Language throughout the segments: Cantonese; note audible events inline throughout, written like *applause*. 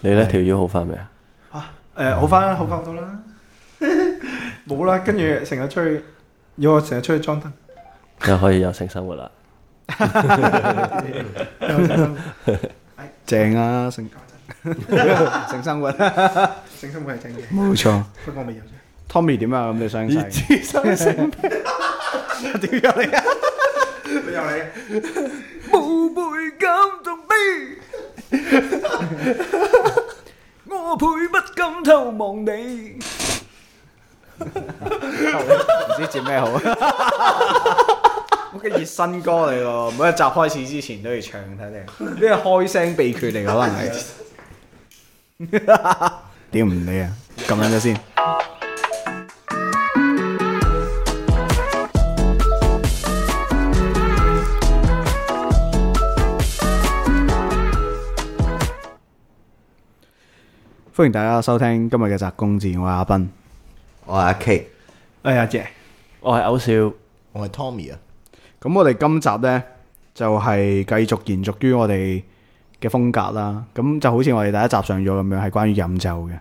你呢條魚好翻未啊？啊，誒，好翻好翻，多啦，冇啦，跟住成日出去，要我成日出去裝燈，又可以有性生活啦，正啊，性生活，性生活係正嘅，冇錯，不過我未有。Tommy 點啊？咁你雙細點入嚟啊？點入嚟？ *laughs* 我配不敢偷望你。唔 *laughs* 知接咩好。好嘅熱身歌嚟㗎？每一集開始之前都要唱睇你，呢係開聲秘訣嚟，可能係。點 *laughs* 唔理啊？撳兩下先。歡迎大家收聽今日嘅集公字，我係阿斌，我係阿 K，誒阿姐，我係歐少，我係 Tommy 啊。咁我哋今集呢就係繼續延續於我哋嘅風格啦。咁就好似我哋第一集上咗咁樣，係關於飲酒嘅。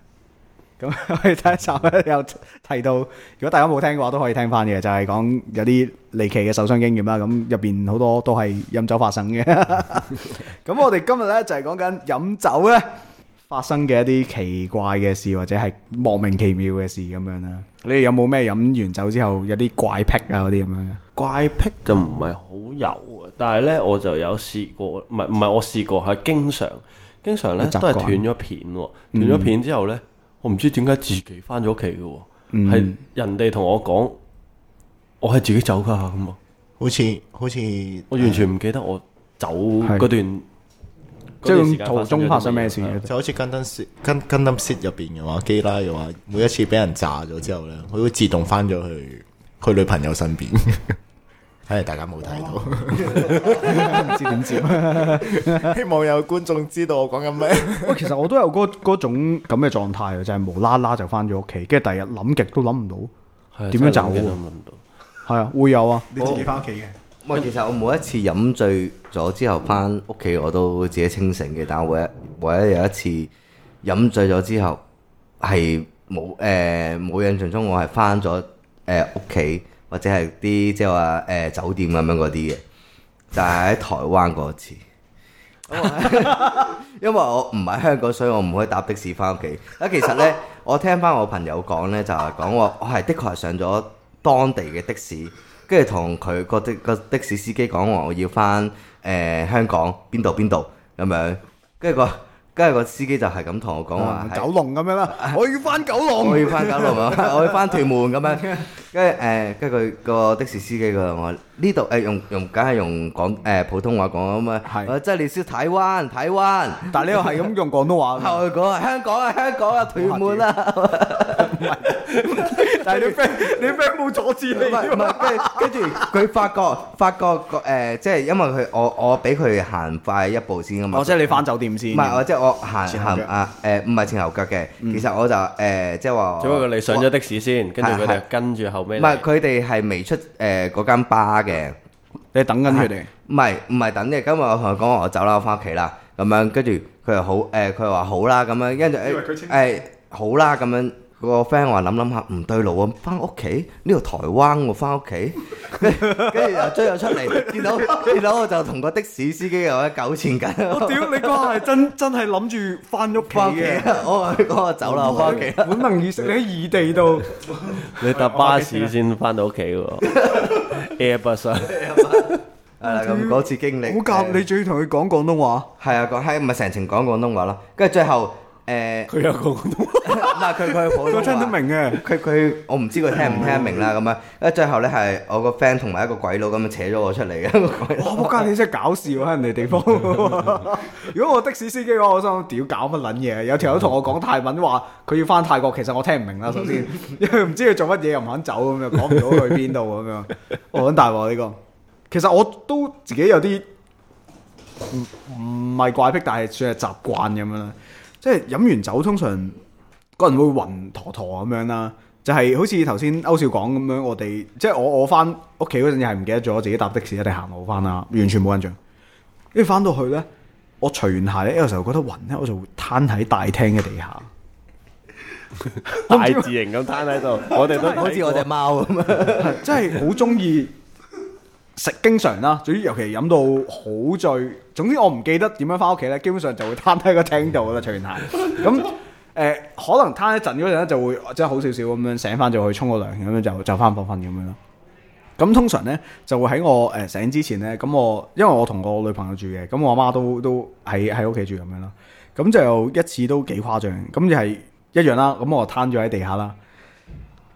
咁我哋第一集咧有提到，如果大家冇聽嘅話都可以聽翻嘅，就係講有啲離奇嘅受傷經驗啦。咁入邊好多都係飲酒發生嘅。咁我哋今日呢就係講緊飲酒呢。發生嘅一啲奇怪嘅事或者係莫名其妙嘅事咁樣啦，你哋有冇咩飲完酒之後有啲怪癖啊嗰啲咁樣？怪癖就唔係好有，但係呢，我就有試過，唔係唔係我試過，係經常經常呢都係斷咗片，斷咗片之後呢，嗯、我唔知點解自己翻咗屋企嘅，係、嗯、人哋同我講，我係自己走噶，咁啊，好似好似我完全唔記得我走嗰段。即係途中發生咩事？就好似《Gundam Seed》跟《Gundam Seed》入邊嘅話，基拉嘅話，每一次俾人炸咗之後咧，佢會自動翻咗去佢女朋友身邊。睇嚟大家冇睇到，唔知點知？希望有觀眾知道我講緊咩。我其實我都有嗰種咁嘅狀態，就係無啦啦就翻咗屋企，跟住第日諗極都諗唔到點樣炸。係啊，會有啊，你自己翻屋企嘅。唔其實我每一次飲醉咗之後翻屋企，我都自己清醒嘅。但係我每每一有一次飲醉咗之後，係冇誒冇印象中我，我係翻咗誒屋企或者係啲即係話誒酒店咁樣嗰啲嘅，就係、是、喺台灣嗰次。 *laughs* *laughs* 因為我唔喺香港，所以我唔可以搭的士翻屋企。啊，其實咧，我聽翻我朋友講咧，就係講我係的確係上咗，當地嘅的士，跟住同佢個的、個的士司機講話，我要翻誒、呃、香港邊度邊度咁樣，跟住、個跟住個司機就係咁同我講話、嗯，九龍咁樣啦，是我要翻九龍， *laughs* *laughs* 我要翻九龍啊，我要翻屯門咁樣。 *laughs* 跟住誒跟住佢個的士司機佢話，我呢度誒，用用，梗係用廣誒普通話講啊嘛。係，即係你先台灣台灣，但係你又係咁用廣東話。係，我講香港啊，香港啊，屯門啊。唔係，但係你 friend 你 friend 冇阻止你嘛？唔係，跟住跟住佢發覺發覺誒即係因為佢，我我俾佢行快一步先啊嘛。我即係你翻酒店先。唔係我即係我行行啊誒唔係前後腳嘅，其實我就誒即係話，只不過你上咗的士先，跟住佢哋跟住後。唔係，佢哋係未出誒嗰、呃、間巴嘅，你等緊佢哋。唔係唔係等嘅，今日我同佢講話，我走啦，我翻屋企啦，咁樣跟住佢又好誒，佢、又、話好啦，咁樣跟住誒好啦，咁樣。個 friend 話諗諗下唔對路啊，翻屋企呢度台灣喎，翻屋企，跟住又追咗出嚟，見到見到我就同個的士司機又喺糾纏緊、 *laughs* 欸。我屌 *laughs* 你嗰下係真真係諗住翻屋企嘅，我話我走啦翻屋企。本能意識你喺異地度，你搭巴士先翻到屋企喎。Air bus 咁嗰次經歷好夾，欸、你仲要同佢講廣東話，係啊，講係咪成程講廣東話啦？跟住最後。誒，佢又講唔係佢，佢普通話都、 *laughs* 啊、聽得明嘅。佢佢我唔知佢聽唔 *laughs* 聽得明啦。咁啊，咁啊，最後咧係我個 friend 同埋一個鬼佬咁扯咗我出嚟嘅。哇！仆街、哦，你真係搞笑喺人哋地方。 *laughs* *laughs* 如果我的士司機嘅話，我心諗屌搞乜撚嘢？有條友同我講泰文，話佢要翻泰國，其實我聽唔明啦。首先， *laughs* 因為唔知佢做乜嘢，又唔肯走，咁又講唔到去邊度咁樣。我揾大鑊呢個。其實我都自己有啲唔唔係怪癖，但係算係習慣咁樣啦。即係飲完酒，通常個人會暈陀陀咁樣啦。就係好似頭先歐少講咁樣，我哋即係我我翻屋企嗰陣，又係唔記得咗自己搭的士，一定行路翻啦，完全冇印象。跟住翻到去咧，我除完鞋咧，有時候覺得暈咧，我就會攤喺大廳嘅地下，大字型咁攤喺度。 *laughs* 我哋都好似我隻貓咁， *laughs* 即係好中意。食經常啦，至於尤其飲到好醉，總之我唔記得點樣翻屋企咧，基本上就會攤低個廳度啦，蔡元泰。咁誒、 *laughs* 呃、可能攤一陣嗰陣咧，就會即係好少少咁樣醒翻，就去沖個涼，咁樣就就翻房瞓咁樣啦。咁通常咧就會喺我誒、呃、醒之前咧，咁我因為我同個女朋友住嘅，咁我阿媽都都喺喺屋企住咁樣啦。咁就有一次都幾誇張，咁就係一樣啦。咁我就攤住喺地下啦。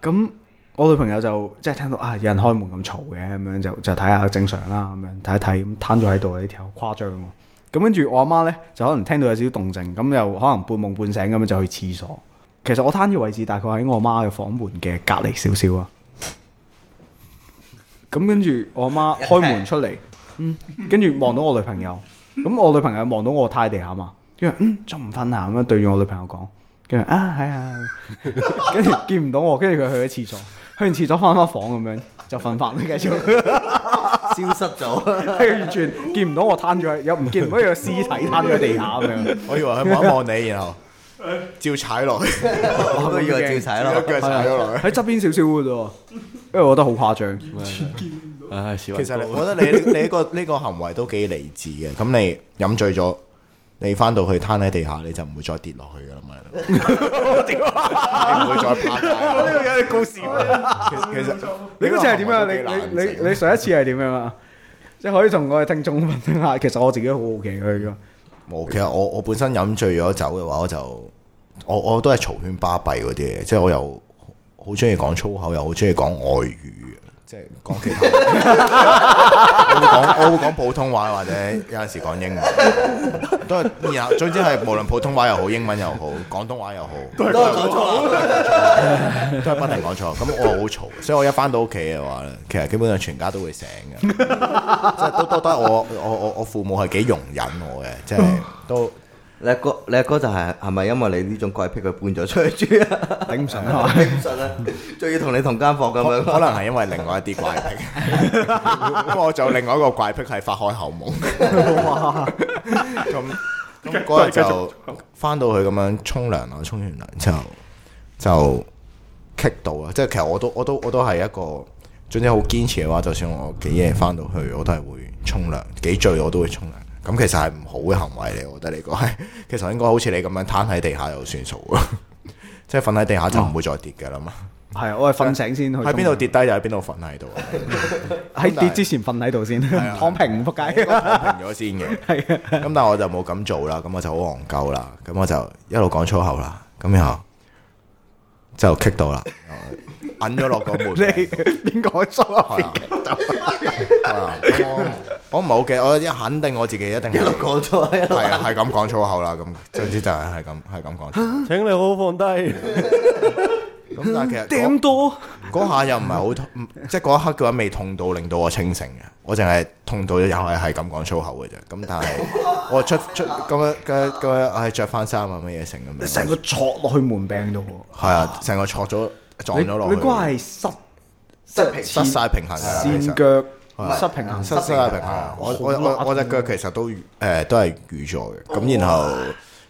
咁。我女朋友就即係聽到啊，有人開門咁嘈嘅，咁樣就就睇下正常啦，咁樣睇一睇咁攤咗喺度呢條好誇張喎。咁跟住我阿媽呢，就可能聽到有少少動靜，咁又可能半夢半醒咁樣就去廁所。其實我攤嘅位置大概喺我阿媽嘅房門嘅隔離少少啊。咁跟住我阿媽開門出嚟，跟住望到我女朋友，咁我女朋友望到我癱喺地下嘛，跟住嗯，仲唔瞓啊，咁樣對住我女朋友講，跟住啊係啊，跟住、啊啊、 *laughs* 見唔到我，跟住佢去咗廁所。去完廁所翻返房咁樣就瞓翻，繼續 *laughs* 消失咗，係 *laughs* 完全見唔到我攤咗，又唔見唔到有個屍體攤喺地下咁 *laughs* 這樣。 *laughs* *laughs* *laughs* 我以為佢望一望你，然後照踩落去，我以為照踩落去，腳踩咗落去。喺側邊少少嘅啫，因為我覺得好誇張。唉，其實我覺得你你呢個呢個,個行為都幾理智嘅。咁你飲醉咗。你翻到去攤喺地下，你就唔會再跌落去噶啦嘛！ *laughs* 你唔會再趴。我呢個有隻故事。其實其實 *laughs* 你嗰次係點樣啊？你你你你上一次係點樣啊？即係可以同我哋聽眾問下。其實我自己好好奇佢嘅。冇，其實我我本身飲醉咗酒嘅話，我就我我都係嘈喧巴閉嗰啲嘢。即係我又好中意講粗口，又好中意講外語。即講其他，我會講，我會講普通話，或者有陣時講英文，都係然後總之係無論普通話又好，英文又好，廣東話又好，都係講錯，都係不停講錯。咁、啊、我好嘈，所以我一翻到屋企嘅話，其實基本上全家都會醒嘅，即係都都覺得我我我我父母係幾容忍我嘅，即係都。你阿哥，你阿哥就係係咪因為你呢種怪癖佢搬咗出去住 *laughs* 啊？頂唔順啊，頂唔順啊，仲要同你同間房咁樣，可能係因為另外一啲怪癖。不過就另外一個怪癖係發開口夢。哇！ *laughs* *laughs* 咁嗰日就翻到去咁樣沖涼啊，沖完涼之後就棘到啊，即係其實我都我都我都係一個總之好堅持嘅話，就算我幾夜翻到去，我都係會沖涼，幾醉我都會沖涼。咁其實係唔好嘅行為嚟，我覺得你講係，其實應該好似你咁樣攤喺地下又算數 *laughs* 即係瞓喺地下就唔會再跌㗎啦嘛。係、哦， *laughs* 我係瞓醒先去。喺邊度跌低就喺邊度瞓喺度。喺跌之前瞓喺度先，躺平唔扑街。咗先嘅。係咁但係我就冇咁做啦，咁我就好戇鳩啦，咁我就一路講粗口啦，咁然後就棘到啦。 *laughs* *laughs* 揞咗落個門，你邊講粗口？我冇嘅，我一肯定我自己一定係講粗口，係啊，係咁講粗口啦，咁總之就係係咁，係咁講。請你好好放低。咁但係其實點都，嗰下又唔係好痛，即係嗰一刻嘅話未痛到令到我清醒嘅，我淨係痛到又係係咁講粗口嘅啫。咁但係我出出咁樣咁樣，唉着翻衫啊，乜嘢成咁樣。你成個坐落去門柄度，係啊，成個坐咗。撞咗落去，你你關係失平失失晒平衡，跣腳對失平衡，失失晒平衡。我我我隻腳其實都誒、呃、都係瘀咗嘅，咁然後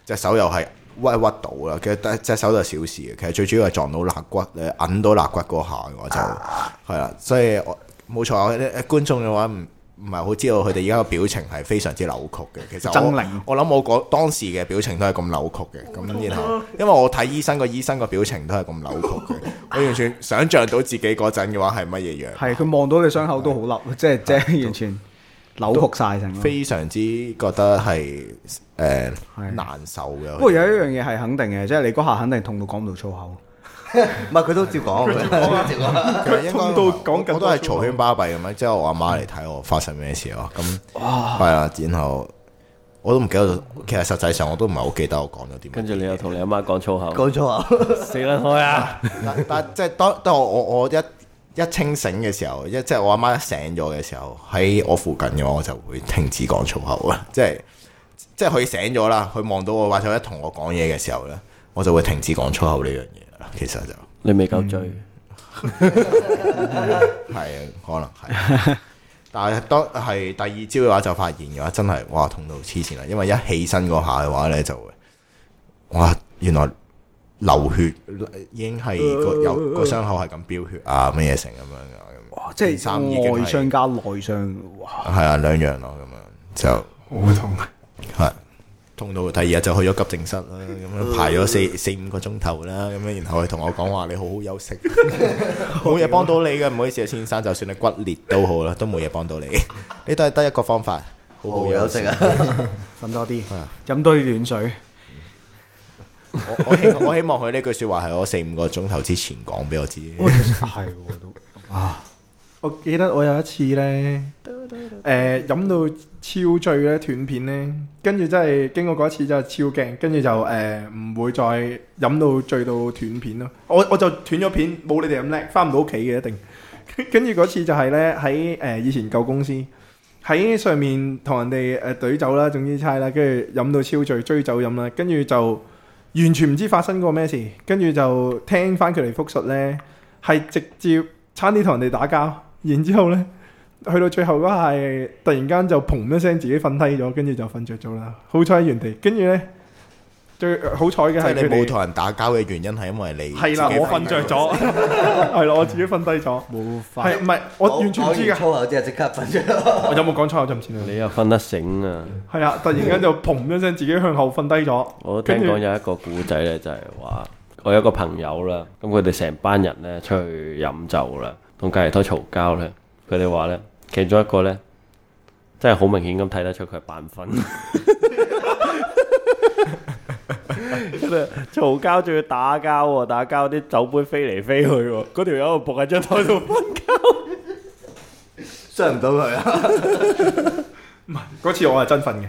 隻、oh. 手又係屈屈到啦。其實隻隻手都係小事嘅，其實最主要係撞到肋骨，你揞到肋骨嗰下我就係啦、oh.。所以我冇錯，啲觀眾嘅話唔。唔係好知道佢哋而家個表情係非常之扭曲嘅。其實我靈我諗我嗰當時嘅表情都係咁扭曲嘅，咁、啊、然後，因為我睇醫生個醫生個表情都係咁扭曲嘅， *laughs* 我完全想象到自己嗰陣嘅話係乜嘢樣。係佢望到你傷口都好凹，即係即係完全扭曲晒成。非常之覺得係誒、呃、的難受嘅。的他們 不過有一樣嘢係肯定嘅，即、就、係、是、你嗰下肯定痛到講唔到粗口。唔係佢都照講，佢照講， *laughs* 應該都講緊。我都係嘈喧巴閉咁樣，即係我阿媽嚟睇我發生咩事咯。咁係啊，哇然後我都唔記得，其實實際上我都唔係好記得我講咗啲咩。跟住你又同你阿媽講粗口，講粗口， *laughs* 死撚開啊！ *laughs* 但但即係、就是、當當我我我一一清醒嘅時候，一即係、就是、我阿媽醒咗嘅時候，喺我附近嘅話，我就會停止講粗口啊！即係即係佢醒咗啦，佢望到我話想一同我講嘢嘅時候咧，我就會停止講粗口呢樣嘢。其實就你未夠醉，係啊，可能係。但係當係第二朝嘅話就發現嘅話真，真係哇痛到黐線啊！因為一起身嗰下嘅話咧就，哇原來流血已經係個有個傷口係咁飆血啊乜嘢成咁樣噶，即係三外傷加內傷，哇！係啊，兩樣咯咁樣就好痛，啊，係。 *laughs* 痛到第二日就去咗急症室啦，咁樣排咗四 *laughs* 四五個鐘頭啦，咁樣然後佢同我講話：你好好休息，冇嘢 *laughs* 趣幫到你嘅，唔好意思啊，先生，就算你骨裂都好啦，都冇嘢幫到你。你都係得一個方法， *laughs* 好好休息啊，瞓 *laughs* 對多啲，飲嗎多啲暖水。 *laughs* 我我希我希望佢呢句說話係我四五個鐘頭之前講俾我知，係都啊。我記得我有一次咧，誒飲到超醉咧斷片咧，跟住真係經過嗰一次真係超勁，跟住就誒唔會再飲到醉到斷片咯。我我就斷咗片，冇你哋咁叻，翻唔到屋企嘅，一定。跟住嗰次就係咧喺，誒以前舊公司喺上面同人哋誒懟酒啦，總之差啦，跟住飲到超醉，追酒飲啦，跟住就完全唔知發生過咩事，跟住就聽翻佢哋復述咧，係直接差啲同人哋打交。然之後呢，去到最後嗰下，突然間就砰一聲，自己瞓低咗，跟住就瞓着咗啦。好彩喺原地，跟住呢，最好彩嘅係你冇同人打交嘅原因係因為你係啦、啊，我瞓着咗，係咯， *laughs* *laughs* 我自己瞓低咗，冇快法，係唔係？我完全唔知㗎，錯啊！即係即刻瞓着。我有冇講錯我就唔知。你又瞓得醒啊？係啊！突然間就砰一聲，自己向後瞓低咗。 *laughs* 我聽講有一個古仔呢，就係話我有一個朋友啦，咁佢哋成班人呢，出去飲酒啦。仲隔籬拖嘈交咧，佢哋話咧，其中一個咧真係好明顯咁睇得出佢係扮瞓，跟住嘈交仲要打交，打交啲酒杯飛嚟飛去，嗰條友又仆喺張台度瞓覺，信 *laughs* 唔到佢啊！唔係嗰次我係真瞓嘅，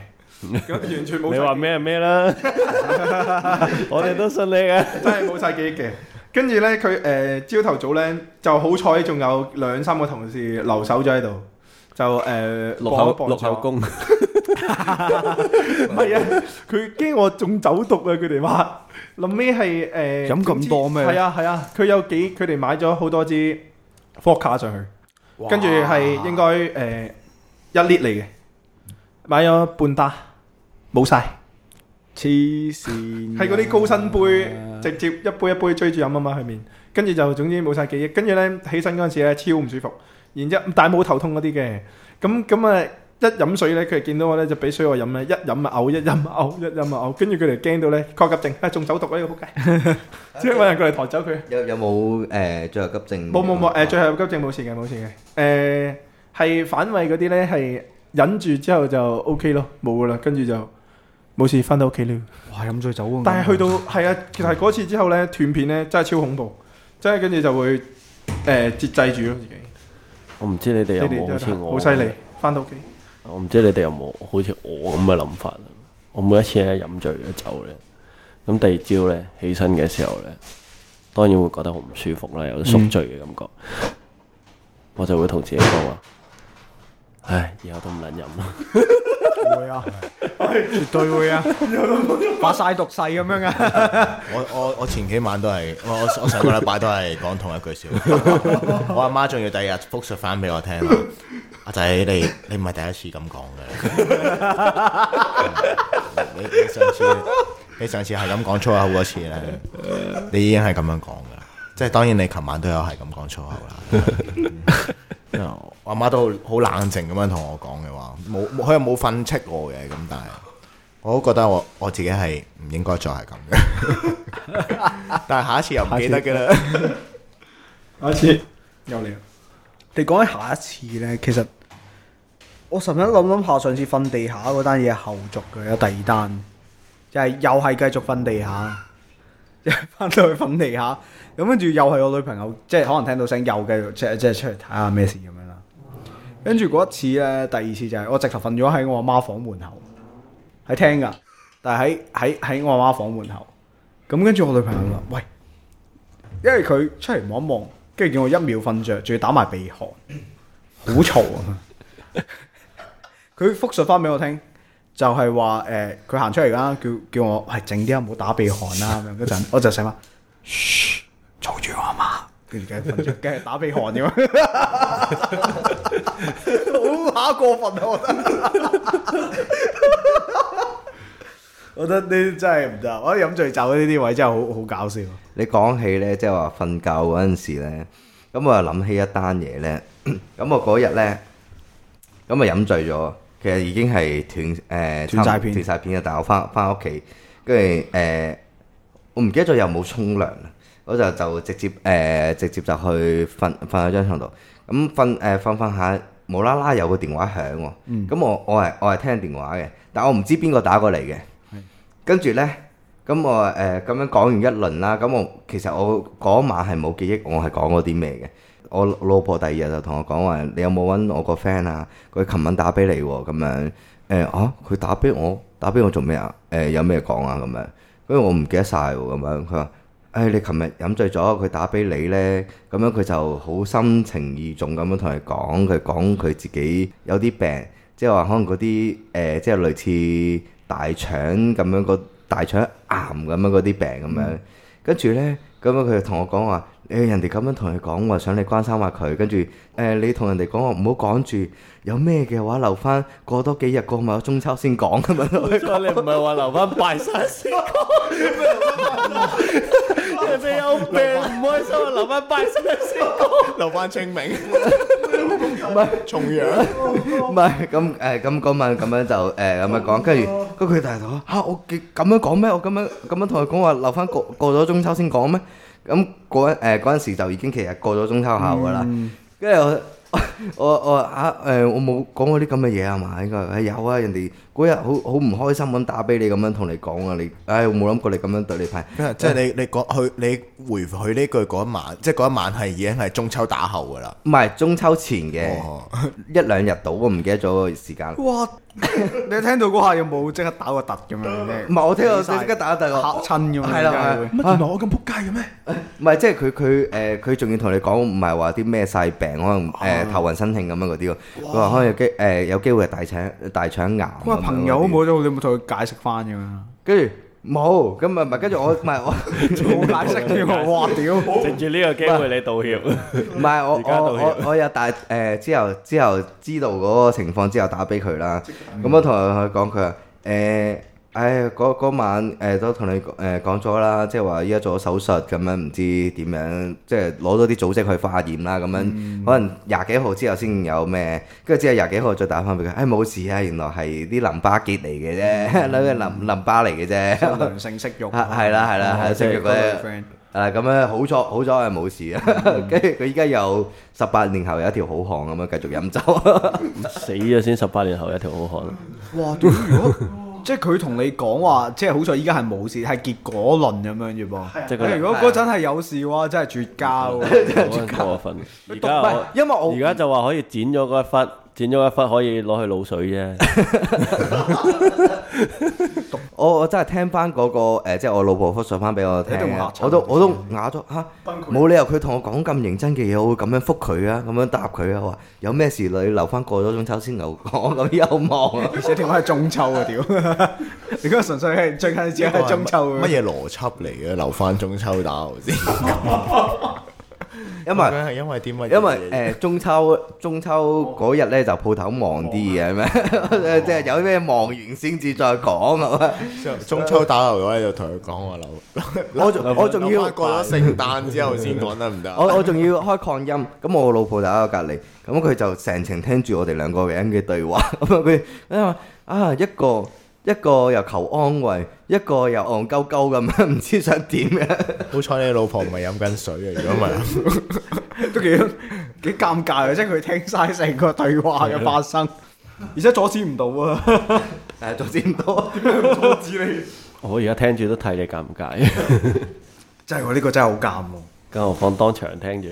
咁完全冇。你話咩咩啦？我哋都信你嘅， *music* 真係冇晒記憶嘅。跟住咧，佢誒朝頭早咧就好彩，仲有兩三個同事留守咗喺度，就誒落口落口供。唔係啊，佢驚我中酒毒啊！佢哋話臨尾係誒飲咁多咩？係啊係啊，佢有幾佢哋買咗好多支伏卡上去，跟住係應該誒一 lit 嚟嘅，買咗半打，冇曬。黐線，喺嗰啲高身杯，直接一杯一杯追住飲啊嘛，佢面，跟住就總之冇曬記憶，跟住咧起身嗰陣時咧超唔舒服，然之後但係冇頭痛嗰啲嘅，咁咁啊一飲水咧佢哋見到我咧就俾水我飲咧，一飲啊嘔，一飲啊嘔，一飲啊嘔，跟住佢哋驚到咧確急症，啊中酒毒啊呢個仆街，即係揾人過嚟抬走佢。有有冇誒最後急症？冇冇冇誒最後急症冇事嘅冇事嘅，誒係反胃嗰啲咧係忍住之後就 OK 咯，冇噶啦，跟住就。冇事，翻到屋企了。哇！飲醉酒啊！但係去到，係啊， *laughs* 其實嗰次之後呢，斷片呢真係超恐怖，真係跟住就會誒節、呃、制住咯自己。我唔知你哋有冇好似我，我知有有好犀利，翻到屋企。我唔知你哋有冇好似我咁嘅諗法。我每一次咧飲醉咗酒呢，咁第二朝呢，起身嘅時候呢，當然會覺得好唔舒服啦，有啲宿醉嘅感覺。嗯、 *laughs* 我就會同自己講話：唉，以後都唔撚飲啦。 *laughs* *laughs* *laughs* 會啊，絕對會啊，發晒 *laughs* 毒誓咁樣啊！我 *laughs* 我 *laughs* 我前幾晚都係，我我上個禮拜都係講同一句笑。 *laughs* 我阿媽仲要第二日複述翻俾我聽。阿、啊、仔，你你唔係第一次咁講嘅。 *laughs* 你你上次你上次係咁講粗口嗰次咧，你已經係咁樣講噶。即係當然你琴晚都有係咁講粗口啦。我阿媽都好冷靜咁樣同我講嘅話，冇佢又冇訓斥我嘅，咁但係我都覺得我我自己係唔應該再係咁嘅， *laughs* 但係下，下，下，下一次又唔記得嘅啦，下一次又嚟。你講起下一次呢？其實我成日諗諗下上次瞓地下嗰單嘢，後續嘅，有第二單，就係又係繼續瞓地下。翻到去瞓地下，咁跟住又係我女朋友，即係可能聽到聲，又繼續即係即係出嚟睇下咩事咁樣啦。跟住嗰一次咧，第二次就係我直頭瞓咗喺我阿媽房門口，喺廳，㗎，但係喺喺喺我阿媽房門口。咁跟住我女朋友話：嗯、喂，因為佢出嚟望一望，跟住見我一秒瞓着，仲要打埋鼻鼾，好嘈啊！佢復 *laughs* *laughs* 述翻俾我聽。就係話誒，佢、呃、行出嚟啦，叫叫我，喂、哎，靜啲啊，唔好打鼻鼾啦。咁樣嗰陣，我就成晚嘘，嘈住我阿媽，跟 *laughs* 住繼續打鼻鼾咁樣，好啊，過分啊，我覺得，我覺得你真係唔得，我飲醉酒呢啲位真係好好搞笑。你講起咧，即係話瞓覺嗰陣時咧，咁我又諗起一單嘢咧，咁我嗰日咧，咁啊飲醉咗。其實已經係斷誒斷晒片，斷晒片嘅，但係我翻翻屋企，跟住誒我唔記得咗有冇沖涼，我就就直接誒直接就去瞓瞓喺張床度，咁瞓誒瞓瞓下，無啦啦有個電話響，咁我我係我係聽電話嘅，但我唔知邊個打過嚟嘅。跟住咧，咁我誒咁樣講完一輪啦，咁我其實我嗰晚係冇記憶，我係講過啲咩嘅。我老婆第二日就同我講話，你有冇揾我個 friend 啊？佢琴晚打俾你喎、啊，咁樣，誒、欸，啊，佢打俾我，打俾我做咩、欸、啊？誒，有咩講啊？咁樣，跟住我唔記得晒喎，咁樣，佢話，誒，你琴日飲醉咗，佢打俾你呢。咁樣佢就好心情意重咁樣同你講，佢講佢自己有啲病，即係話可能嗰啲，誒、呃，即係類似大腸咁樣個大腸癌咁樣嗰啲病咁樣，跟住呢。咁啊！佢就同我講話，誒、欸、人哋咁樣同你講話，想你關心下佢，欸、跟住誒你同人哋講話，唔好講住，有咩嘅話留翻過多幾日，過埋中秋先講咁樣？你唔係話留翻拜山先講？ *laughs* 人哋有病唔開心，留翻拜山先講，留翻清明。 *laughs* 唔重 ambiguous、 *laughs* 嗯嗯、陽、哎，唔係咁誒咁嗰晚咁樣就誒咁樣講，跟住嗰佢大佬嚇我咁樣講咩？我咁樣咁樣同佢講話留翻過過咗中秋先講咩？咁嗰誒嗰陣時就已經其實過咗中秋後噶啦，跟住我我我嚇誒我冇講嗰啲咁嘅嘢係咪？應該有啊，人哋。嗰日好好唔開心咁打俾你，咁樣同你講啊！你，唉，我冇諗過你咁樣對你派，即係你唉你講去你回佢呢句嗰一晚，即係嗰一晚係已經係中秋打後噶啦，唔係中秋前嘅、哦、 *laughs* 一兩日到，我唔記得咗個時間。哇。你聽到嗰下有冇即刻打個突咁樣咧？唔係，我聽到你即刻打個突，嚇親咁樣。係啦，係啦。乜原來我咁撲街嘅咩？唔係，即係佢佢誒，佢仲要同你講，唔係話啲咩細病，可能誒頭暈身慶咁樣嗰啲咯。佢話可能有機誒有機會係大腸大腸癌。哇！朋友，我冇咗，你有冇同佢解釋翻咁啊？跟住。冇，咁咪咪跟住我咪我冇眼色嘅喎！哇屌！趁住呢個機會你道歉，唔係我我我有大誒、呃、之後之後知道嗰個情況之後打俾佢啦，咁我同佢講佢話誒。呃唉，嗰、哎、晚誒、呃、都同你誒、呃、講咗啦，即係話依家做咗手術咁樣，唔知點樣，即係攞咗啲組織去化驗啦，咁樣、嗯、可能廿幾號之後先有咩，跟住之後廿幾號再打翻俾佢，誒、哎、冇事啊，原來係啲淋巴結嚟嘅啫，諗係、嗯、 *laughs* 淋巴嚟嘅啫，良性息肉，係啦係啦係息肉嘅，誒咁樣好彩，好彩係冇事啊，跟住佢依家有十八年後有一條好漢咁樣繼續飲酒， *laughs* *laughs* 死咗先十八年後有一條好漢， *laughs* 哇 *laughs* 即係佢同你講話，即係好彩依家係冇事，係結果論咁樣啫噃。即如果嗰陣係有事嘅話，真係絕交。真係過分。 *laughs* 而家就話可以剪咗嗰一忽。剪咗一忽可以攞去滷水啫。我我真係聽翻嗰、那個誒，即係我老婆覆述翻俾我聽，都我，我都我都啞咗吓，冇貴理由佢同我講咁認真嘅嘢，我會咁樣覆佢啊，咁樣答佢啊，話有咩事你留翻過咗中秋先。牛角咁幽望啊， *laughs* *laughs* 而且聽講係中秋啊，屌！而家純粹係最近只係中秋，乜嘢邏輯嚟嘅？留翻中秋打。 *laughs* *laughs* 因為係因為點啊？因為誒中秋中秋嗰日咧就鋪頭忙啲嘅。係咪？即係有咩忙完先至再講，係咪？中秋打完嘅就同佢講喎，老我 *laughs* 我仲要過咗聖誕之後先講得唔得？ *laughs* *laughs* 我我仲要開擴音，咁 *laughs* 我老婆我就喺我隔離，咁佢就成程聽住我哋兩個人嘅對話，咁佢咩話啊一個。一個又求安慰，一個又戇鳩鳩咁樣，唔知想點嘅。好彩你老婆唔係飲緊水啊，如果唔係都幾幾尷尬啊，即係佢聽晒成個對話嘅發生，而且阻止唔到啊！誒，阻止唔到。阻止你。我而家聽住都替你尷尬，真係我呢個真係好尷。更何況當場聽住，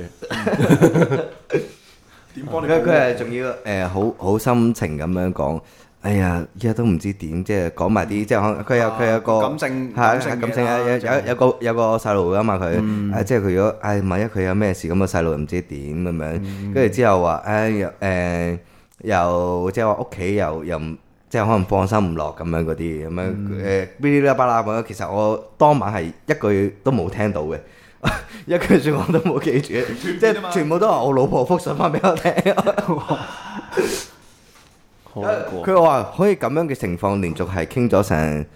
點幫你？佢佢係仲要誒好好心情咁樣講。哎呀，而家都唔知點、就是，即係講埋啲，即係佢有佢有個、啊，感性，啊、感性、就是有，有有有個有個細路噶嘛佢、嗯啊，即係如果，哎，萬一佢有咩事，咁、那個細路又唔知點咁樣，跟住、嗯、之後話，誒、哎，誒、呃呃，又即係話屋企又又即係可能放心唔落咁樣嗰啲，咁樣誒，巴拉巴拉咁樣，其實我當晚係一句都冇聽到嘅， *laughs* 一句説話都冇記住，即係全部都係我老婆復信翻俾我聽。 *laughs* 佢話可以咁樣嘅情況連續係傾咗成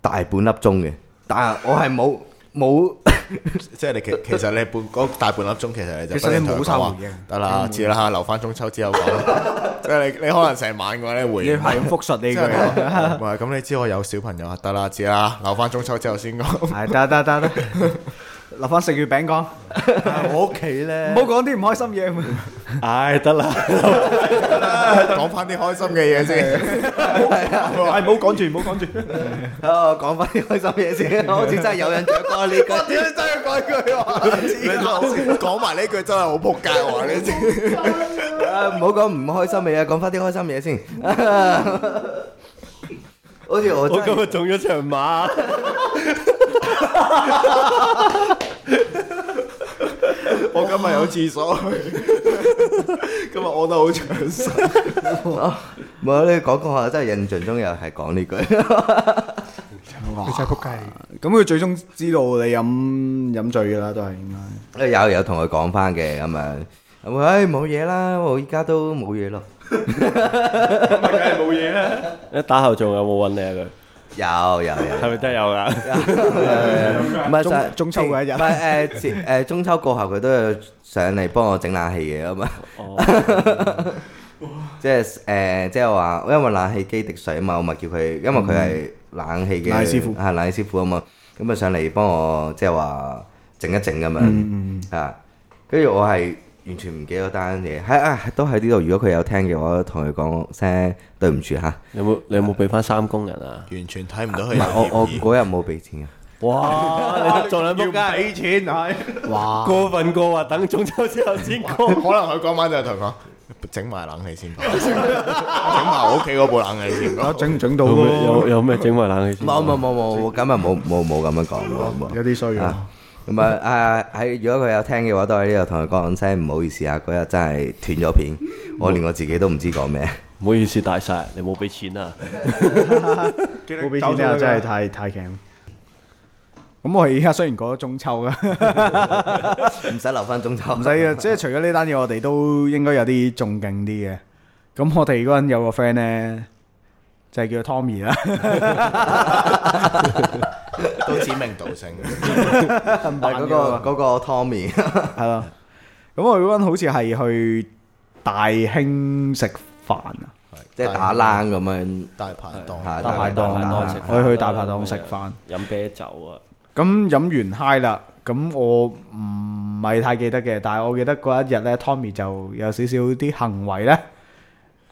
大半粒鐘嘅，但係我係冇冇， *laughs* 即係你其其實你半大半粒鐘其實你就其實你冇！得啦，美知啦，留翻中秋之後講。 *laughs* 即係你你可能成晚嘅話咧，回唔準複述呢句。唔係咁，你知我有小朋友啊！得啦，知啦，留翻中秋之後先講。係得得得得。留翻食月餅講，我屋企咧，唔好講啲唔開心嘢啊嘛。唉，得啦，講翻啲開心嘅嘢先。係啊，係唔好講住，唔好講住。啊，講翻啲開心嘢先。好似真係有人在講你講，屌你真係講呢句話。講埋呢句真係好仆街喎！你知唔知啊？唔好講唔開心嘅嘢，講翻啲開心嘢先。好似我我今日中咗場馬。我今日有廁所，今日我都好長心。冇呢個廣告，我真係印象中又係講呢句。你真係仆街。咁佢最終知道你飲飲醉㗎喇，都係應該。誒有有同佢講返嘅咁樣。誒冇嘢啦，我依家都冇嘢咯。咁咪梗係冇嘢啦。一打後仲有冇搵你啊佢？有有有，係咪真係有㗎？唔係，就中秋嗰一日唔係，誒誒中秋過後佢都有上嚟幫我整冷氣嘅啊嘛，即係誒即係話，因為冷氣機滴水啊嘛，我咪叫佢，因為佢係冷氣嘅、嗯、師傅啊，冷氣、嗯、師傅啊嘛，咁啊上嚟幫我即係話整一整咁樣啊，跟住、嗯嗯、我係。完全唔記得單嘢，係啊，都喺呢度。如果佢有聽嘅話，同佢講聲對唔住嚇。有冇你有冇俾翻三工人啊？完全睇唔到佢有。我我嗰日冇俾錢啊！哇！仲兩蚊雞俾錢係哇過分過啊！等中秋之後先講，可能佢今晚就同佢講整埋冷氣先，整埋我屋企嗰部冷氣先。啊，整唔整到咯？有有咩整埋冷氣先？冇冇冇冇，今日冇冇冇咁樣講喎。有啲衰。咁、嗯、啊誒，喺如果佢有聽嘅話，都喺呢度同佢講聲唔好意思啊！嗰日真係斷咗片，我連我自己都唔知講咩。唔好意思，大晒！你冇俾錢啊！冇俾 *laughs* 錢啊， *laughs* 真係太 *laughs* 太勁。咁我而家雖然過咗中秋啊，唔使 *laughs* *laughs* 留翻中秋，唔使啊！ *laughs* 即係除咗呢單嘢，我哋都應該有啲仲勁啲嘅。咁我哋嗰陣有個 friend 咧，就係、是、叫 Tommy 啦。 *laughs* *laughs* 都指名道姓，嘅，唔係嗰個 Tommy，係咯。咁我嗰陣好似係去大興食飯啊，即係打冷咁樣大排檔，大排檔去去大排檔食飯，飲啤酒啊。咁飲完 high 啦，咁我唔係太記得嘅，但係我記得嗰一日咧，Tommy 就有少少啲行為咧，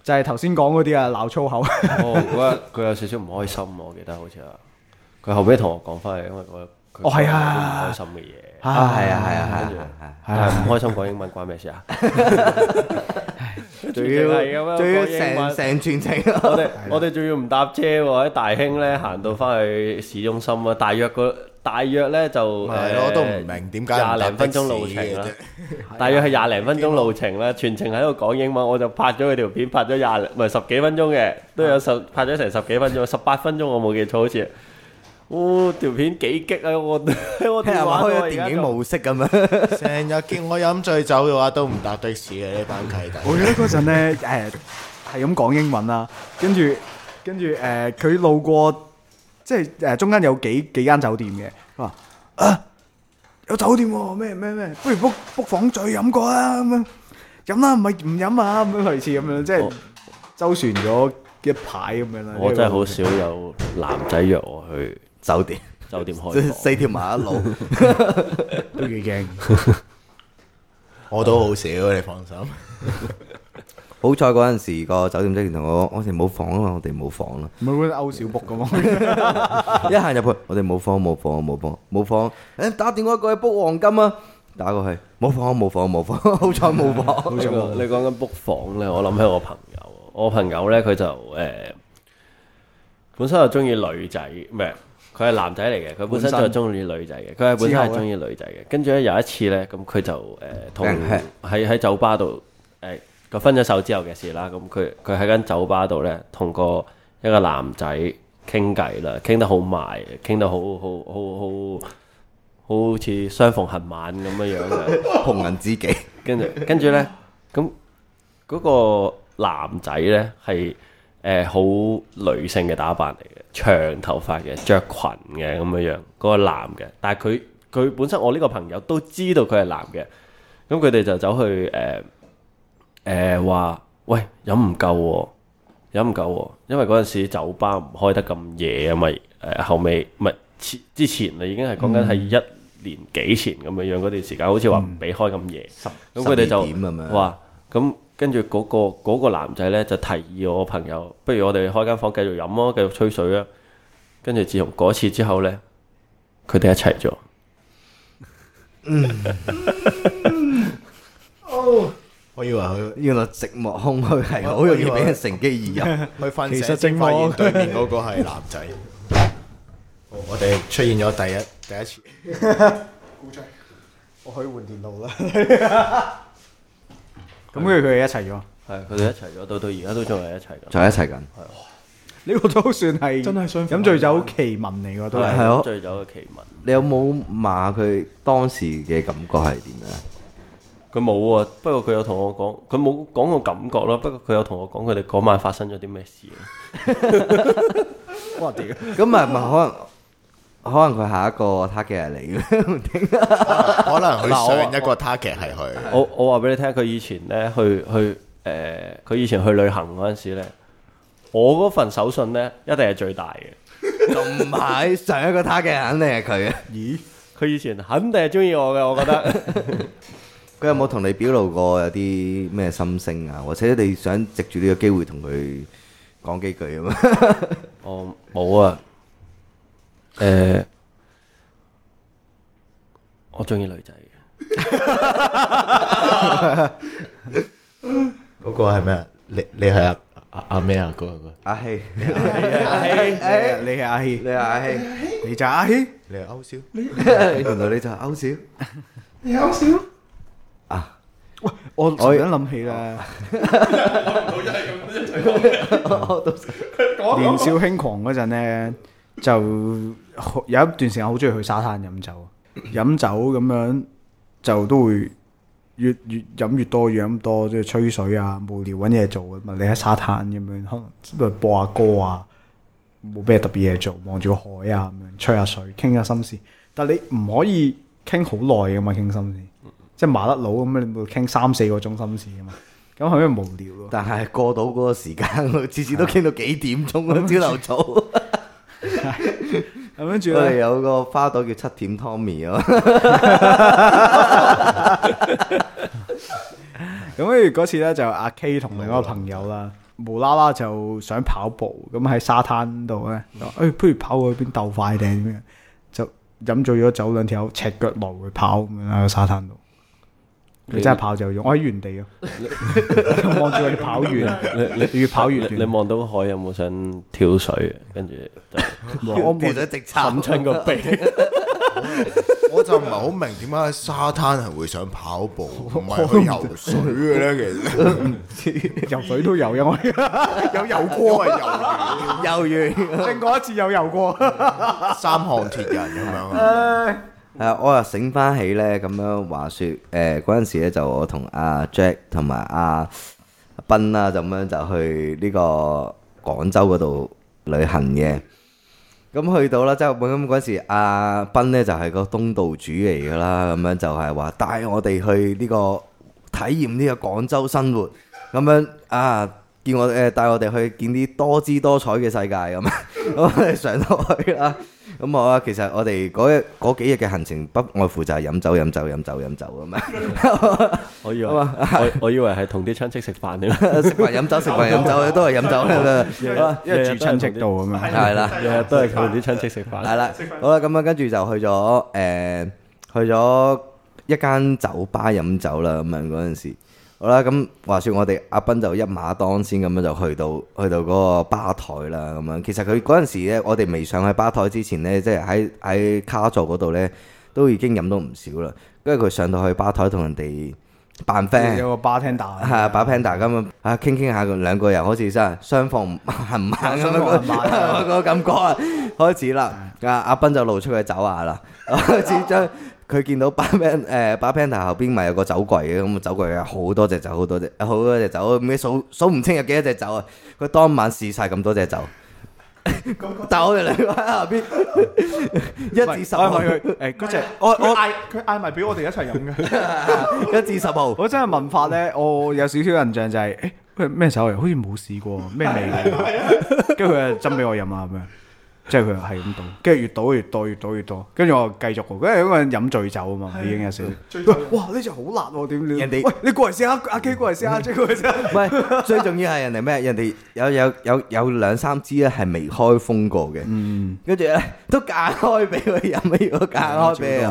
就係頭先講嗰啲啊，鬧粗口。哦，嗰日佢有少少唔開心，我記得好似啊。佢後尾同我講翻嚟，因為我覺得哦係啊，開心嘅嘢啊係啊係啊係啊，係唔開心講英文關咩事啊？仲要係咁樣！仲要成成全程，我哋我哋仲要唔搭車喎？喺大興咧行到翻去市中心啊！大約個大約咧就係我都唔明點解廿零分鐘路程啦，大約係廿零分鐘路程咧，全程喺度講英文，我就拍咗佢條片，拍咗廿零，唔係十幾分鐘嘅，都有十拍咗成十幾分鐘，十八分鐘我冇記錯好似。哦，條片幾激啊！我聽日玩開電影模式咁樣，成日見我飲醉酒嘅話都唔搭的士嘅 *laughs* 呢班契弟。我記得嗰陣咧，誒係咁講英文啦，跟住跟住誒，佢、呃、路過即係誒中間有幾幾間酒店嘅，佢話啊有酒店喎、啊，咩咩咩，不如 book book 房再飲過啦、啊、咁樣，飲啦唔係唔飲啊咁樣類似咁樣，即係我周旋咗一排咁樣啦。我真係好少有男仔約我去。酒店酒店開 *laughs* 四條馬一路 *laughs* 都幾驚， *laughs* 我都好少， *laughs* 你放心。 *laughs* 好彩嗰陣時個酒店職員同我講，我哋冇房啊，我哋冇房啦。唔係嗰歐小 book 噶嘛， *laughs* *laughs* 一行入去，我哋冇房，冇房，冇房，冇房。誒，打電話過去 book 黃金啊，打過去，冇房，冇房，冇房，好彩冇房。你講緊 book 房咧，我諗起我朋友，我朋友咧佢就誒，本身就中意女仔，咩？佢係男仔嚟嘅，佢本身就係中意女仔嘅。佢係本身係中意女仔嘅，跟住咧有一次呢，咁佢就誒同喺喺酒吧度誒，佢、呃、分咗手之後嘅事啦。咁佢佢喺間酒吧度呢，同個一個男仔傾偈啦，傾得好埋，傾得好好好好好似相逢恨晚咁樣樣嘅紅顏知己跟。跟住跟住咧，咁嗰、嗰個男仔呢，係。誒好、呃、女性嘅打扮嚟嘅，長頭髮嘅，着裙嘅咁樣樣，嗰、嗰個男嘅，但係佢佢本身我呢個朋友都知道佢係男嘅，咁佢哋就走去誒誒話，喂，飲唔夠喎，飲唔夠喎、哦哦，因為嗰陣時酒吧唔開得咁夜啊嘛，誒、呃、後尾唔係之前你已經係講緊係一年幾前咁樣樣嗰段時間，嗯、好似話唔俾開咁夜，咁佢哋就話咁。跟住嗰個嗰個男仔咧，就提議我朋友，不如我哋開間房繼續飲咯，繼續吹水啦。跟住自從嗰次之後咧，佢哋一齊咗。嗯，哦，我以為佢原來寂寞空虛係好容易俾人乘機而入，去瞓醒發現對面嗰個係男仔。 *laughs* *laughs* 我哋出現咗第一第一次。 *laughs* *noise* 我可以換電腦啦。 *laughs* 咁跟住佢哋一齊咗，係佢哋一齊咗，到到而家都仲係一齊緊，就係一齊緊。係啊了，呢個都算係真係想飲醉酒奇聞嚟，我都係飲醉酒嘅奇聞。了了你有冇問佢當時嘅感覺係點樣？佢冇啊，不過佢有同我講，佢冇講個感覺咯。不過佢有同我講，佢哋嗰晚發生咗啲咩事。 *laughs* *laughs* *laughs* 哇屌！咁咪咪可能？可能佢下一個 target 係你， *laughs* 可能佢上一個 target 係佢。我我話俾你聽，佢以前咧去去誒，佢、呃、以前去旅行嗰陣時咧，我嗰份手信咧一定係最大嘅。同埋 *laughs* 上一個 target，肯定係佢。 *laughs* 咦？佢以前肯定係中意我嘅，我覺得。佢 *laughs* 有冇同你表露過有啲咩心聲啊？或者你想藉住呢個機會同佢講幾句啊？ *laughs* 我冇啊。誒，我中意女仔嘅，嗰個係咩啊？你你係阿阿咩啊？嗰個阿希，阿希，阿希，你係阿希，你阿希，你就阿希，你係歐少，你原來你就係歐少，你歐少啊？喂，我我突然諗起啦，我唔好真係咁一齊。佢講年少輕狂嗰陣咧就。有一段時間好中意去沙灘飲酒，飲酒咁樣就都會越越飲越，越多越飲多即係吹水啊，無聊揾嘢做啊嘛。你喺沙灘咁樣可能播下歌啊，冇咩特別嘢做，望住海啊咁樣吹下水，傾下心事。但你唔可以傾好耐噶嘛，傾心事即係麻甩佬咁樣，你會傾三四個鐘心事噶嘛。咁係咩無聊咯。但係過到嗰個時間，次次都傾到幾點鐘啊？朝頭早，上早上就。 *laughs* 咁跟住我哋有個花朵叫七點 Tommy 啊！咁跟住嗰次咧就阿 K 同另一個朋友啦，無啦啦就想跑步，咁喺沙灘度咧，誒、 *laughs* 哎、不如跑去邊鬥快定點樣？就飲醉咗酒兩條友，赤腳來回跑咁樣喺個沙灘度。你真係跑就用，我喺原地啊！望住我哋跑完， *laughs* 你你越跑越遠。 *laughs* 你望到海有冇想跳水？跟住我跌咗隻叉，冚親個鼻。我就唔係好明點解喺沙灘係會想跑步，唔係去游水嘅咧。其實 *laughs* *laughs* 游水都有，因為有游過啊， *laughs* 游游完，正過一次有游過， *laughs* 三項鐵人咁樣啊。誒、啊，我又醒翻起咧，咁樣話説，誒嗰陣時咧就我同阿、啊、Jack 同埋阿斌啊，咁樣就去呢個廣州嗰度旅行嘅。咁、嗯、去到啦，即、就、本、是。咁嗰陣時，阿斌咧就係個東道主嚟噶啦，咁樣就係話帶我哋去呢個體驗呢個廣州生活，咁樣啊，見我誒帶我哋去見啲多姿多彩嘅世界咁，咁我哋上到去啦。咁啊，其實我哋嗰嗰幾日嘅行程不外乎就係飲酒、飲酒、飲酒、飲酒咁嘛。我以為，我以為係同啲親戚食飯，點食飯，飲酒食飯，飲酒都係飲酒，因為住親戚度咁嘛。係啦，日日都係同啲親戚食飯。係啦，好啦，咁啊，跟住就去咗誒，去咗一間酒吧飲酒啦。咁樣嗰陣時。嗯好啦，咁話説我哋阿斌就一馬當先咁樣就去到去到嗰個吧台啦，咁樣其實佢嗰陣時咧，我哋未上去吧台之前咧，即係喺喺卡座嗰度咧，都已經飲到唔少啦。跟住佢上到去吧台同人哋扮 friend，有個巴聽打，係巴聽打咁樣啊，傾傾下兩個人好似真係雙方唔行咁樣嗰個感覺啊， *laughs* 覺開始啦！阿 *laughs* 阿斌就露出佢走下啦，始終。佢見到 barman 誒，barman 台後邊咪有個酒櫃嘅，咁啊酒櫃有好多隻酒，好多隻，好多隻酒，咩數數唔清有幾多隻酒啊！佢當晚試晒咁多隻酒，但我哋兩個喺後邊一至十號，誒嗰隻我我嗌佢嗌埋俾我哋一齊飲嘅，一至十號。我真係文法咧，我有少少印象就係誒咩酒嚟？好似冇試過咩味，跟住佢斟俾我飲啦咁樣。即係佢係咁倒，跟住越，越，越倒越多，越倒越多，跟住我繼續。佢係嗰個人飲醉酒啊嘛，的已經有少少。哇！呢隻好辣哦、啊，點你？人哋家喂，你過嚟先阿阿 K，過嚟先阿 J，過嚟先。唔係，最重要係人哋咩？ *laughs* 人哋有有有有，有兩三支咧係未開封過嘅，跟住咧都揀開俾佢飲，如果揀開俾，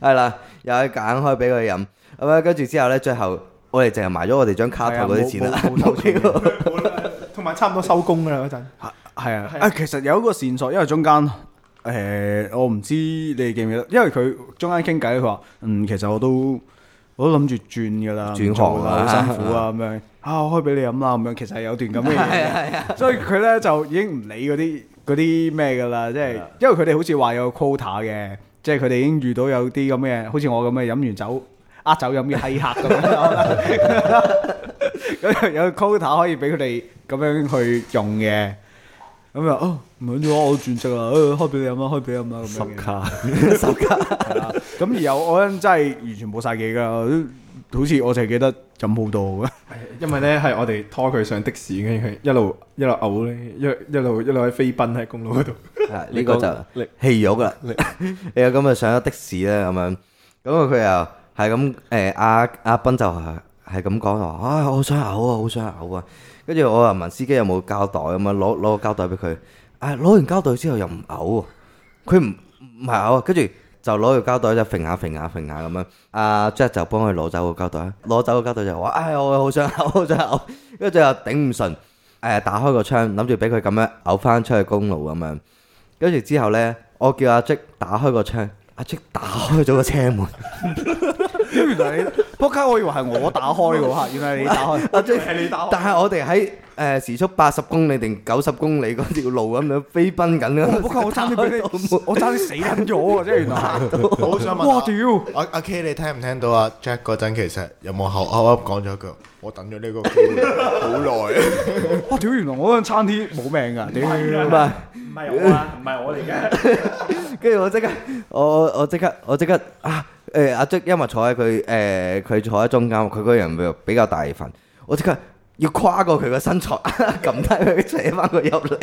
係啦， *laughs* *laughs* 又去揀開俾佢飲。咁啊，跟住之後咧，最後我哋淨係埋咗我哋張卡頭啲錢啦。 *laughs* 同埋差唔多收工啦嗰陣，係啊，啊，啊，啊其實有一個線索，因為中間誒、呃、我唔知你記唔記得，因為佢中間傾偈佢話，嗯其實我都我都諗住轉噶啦，轉行啦，好、嗯、辛苦啊咁是、啊、樣，啊我開俾你飲啦咁樣，其實係有段咁嘅嘢，是啊、所以佢咧就已經唔理嗰啲啲咩噶啦，即係因為佢哋好似話有 quota 嘅，即係佢哋已經遇到有啲咁嘅，好似我咁嘅飲完酒。呃酒飲嘅嘿客咁樣，有個 quota 可以俾佢哋咁樣去用嘅，咁又哦，唔緊要啊，我轉職啦，開俾你飲啦，開俾你飲啦咁樣。十卡，十卡，咁而後我真係完全冇晒嘢噶，好似我淨係記得飲好多嘅。係，因為咧係我哋拖佢上的士，跟住一路一路嘔咧，一一路一路喺飛奔喺公路嗰度。係，呢個就氣郁啦。誒，咁啊上咗的士咧，咁樣，咁啊佢又。係咁，誒阿阿斌就係咁講話，啊，哎、我好想嘔啊，好想嘔啊！跟住我又問司機有冇膠袋咁樣，攞攞個膠袋俾佢。啊，攞完膠袋之後又唔嘔喎，佢唔唔係嘔啊！跟住就攞個膠袋就揈下揈下揈下咁樣。阿 Jack 就幫佢攞走個膠袋，攞走個膠袋就話，唉、哎，我好想嘔，好想嘔，跟住又頂唔順。誒、哎，打開個窗，諗住俾佢咁樣嘔翻出去公路咁樣。跟住之後咧，我叫阿 Jack 打開個窗，阿 Jack 打開咗、啊個，啊、個車門。 *laughs* 原來你 book 卡，我以為係我打開嘅吓，原來係你打開。但係我哋喺誒時速八十公里定九十公里嗰條路咁樣飛奔緊啊 b 卡，我差啲俾你，我差啲死緊咗啊！真係原來。我好想問阿阿 K，你聽唔聽到阿 Jack 嗰陣？其實有冇後後後講咗一句？我等咗呢個 c a 好耐。哇！屌，原來我嗰陣差啲冇命噶，屌唔係唔係我啊？唔係我嚟嘅。跟住我即刻，我我即刻，我即刻啊！誒，阿叔因為坐喺佢，誒，佢坐喺中間，佢個人比較大份，我即刻要跨過佢個身材，撳低佢，扯翻佢入嚟。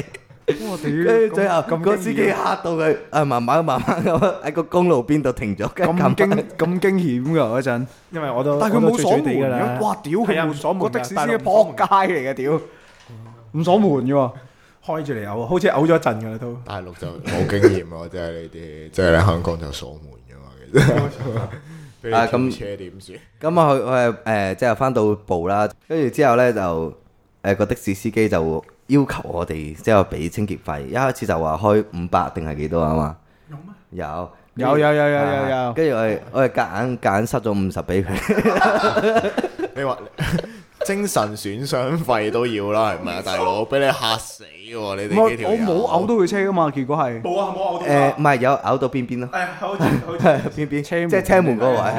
我屌，跟住最後個司機嚇到佢，啊，慢慢慢慢咁喺個公路邊度停咗，咁驚咁驚險噶嗰陣。因為我都，但係佢冇鎖門嘅啦，哇屌，佢冇鎖門，個的士司機扑街嚟嘅屌，唔鎖門嘅，開住嚟嘔，好似嘔咗一陣噶啦都。大陸就冇經驗咯，即係呢啲，即係喺香港就鎖門。啊 *laughs* 咁對，咁啊佢佢誒，即係翻到部啦，跟住之後咧就誒個的士司機就要求我哋即係俾清潔費，一開始就話開五百定係幾多啊嘛？有咩？有有有有有有，跟住、啊、我我係夾硬夾硬塞咗五十俾佢。你 *laughs* 話精神損傷費都要啦，係咪啊？大佬俾你嚇死喎！你哋幾條友我冇嘔到佢車㗎嘛，結果係冇啊，冇嘔到。誒唔係有嘔到邊邊咯？係啊、哎，好似好似邊邊車門，即係車門嗰個位，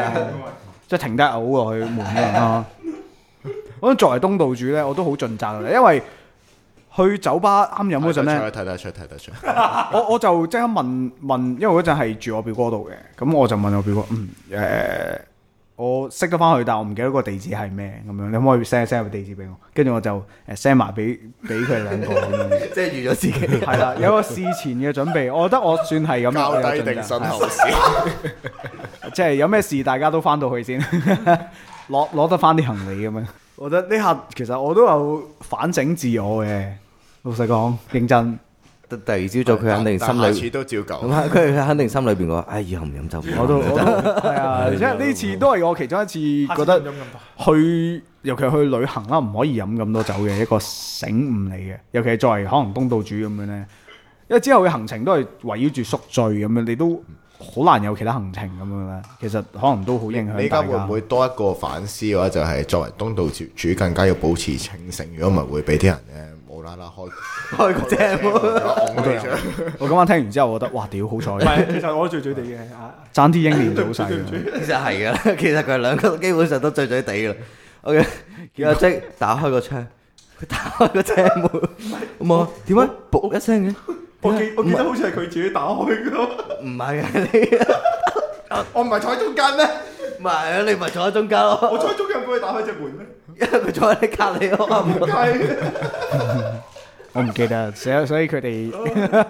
即係 *laughs* 停低嘔落去門嗰度啊！我、 *laughs* 嗯、作為東道主咧，我都好盡責嘅，因為去酒吧啱飲嗰陣咧，睇得出睇得出我我就即刻問問，因為嗰陣係住我表哥度嘅，咁我就問我表哥，嗯誒。Yeah. 我識得翻去，但係我唔記得個地址係咩咁樣，你可唔可以 send send 個地址俾我？跟住我就誒 send 埋俾俾佢兩個咁樣， *laughs* 即係預咗自己係啦，有個事前嘅準備。 *laughs* 我覺得我算係咁啦，交低定身後事，的 *laughs* 即係有咩事大家都翻到去先，攞 *laughs* 攞得翻啲行李咁樣。 *laughs* 我覺得呢下其實我都有反省自我嘅，老實講認真。 *laughs* *laughs* 第二朝早佢肯定心裏，都照舊咁啊，佢，佢肯定心裏邊話，以後唔飲酒。我都係啊，即係呢次都係我其中一次覺得去，尤其去旅行啦，唔可以飲咁多酒嘅 *laughs* 一個醒悟嚟嘅。尤其係作為可能東道主咁樣咧，因為之後嘅行程都係圍繞住宿醉咁樣，你都。好難有其他行程咁樣啦，其實可能都好影響。你而家會唔會多一個反思嘅話，就係、是、作為東道主，更加要保持清醒，如果唔係會俾啲人咧冇啦啦開開個車門，喔。我今晚聽完之後，覺得哇屌，好彩！唔係，其實我都醉醉地嘅啊，爭啲英年早逝嘅。其實係嘅，其實佢兩個基本上都醉醉地嘅。OK，叫阿 J 打開個窗，佢打開個車門，冇點解？卟一聲嘅。我記我記得好似係佢自己打開嘅，唔係啊，你，我唔係坐喺中間咩？唔係啊，你唔係坐喺中間咯？我坐喺中間可以打開隻門咩？因為佢坐喺你隔離咯。唔係，我唔記得，所以所以佢哋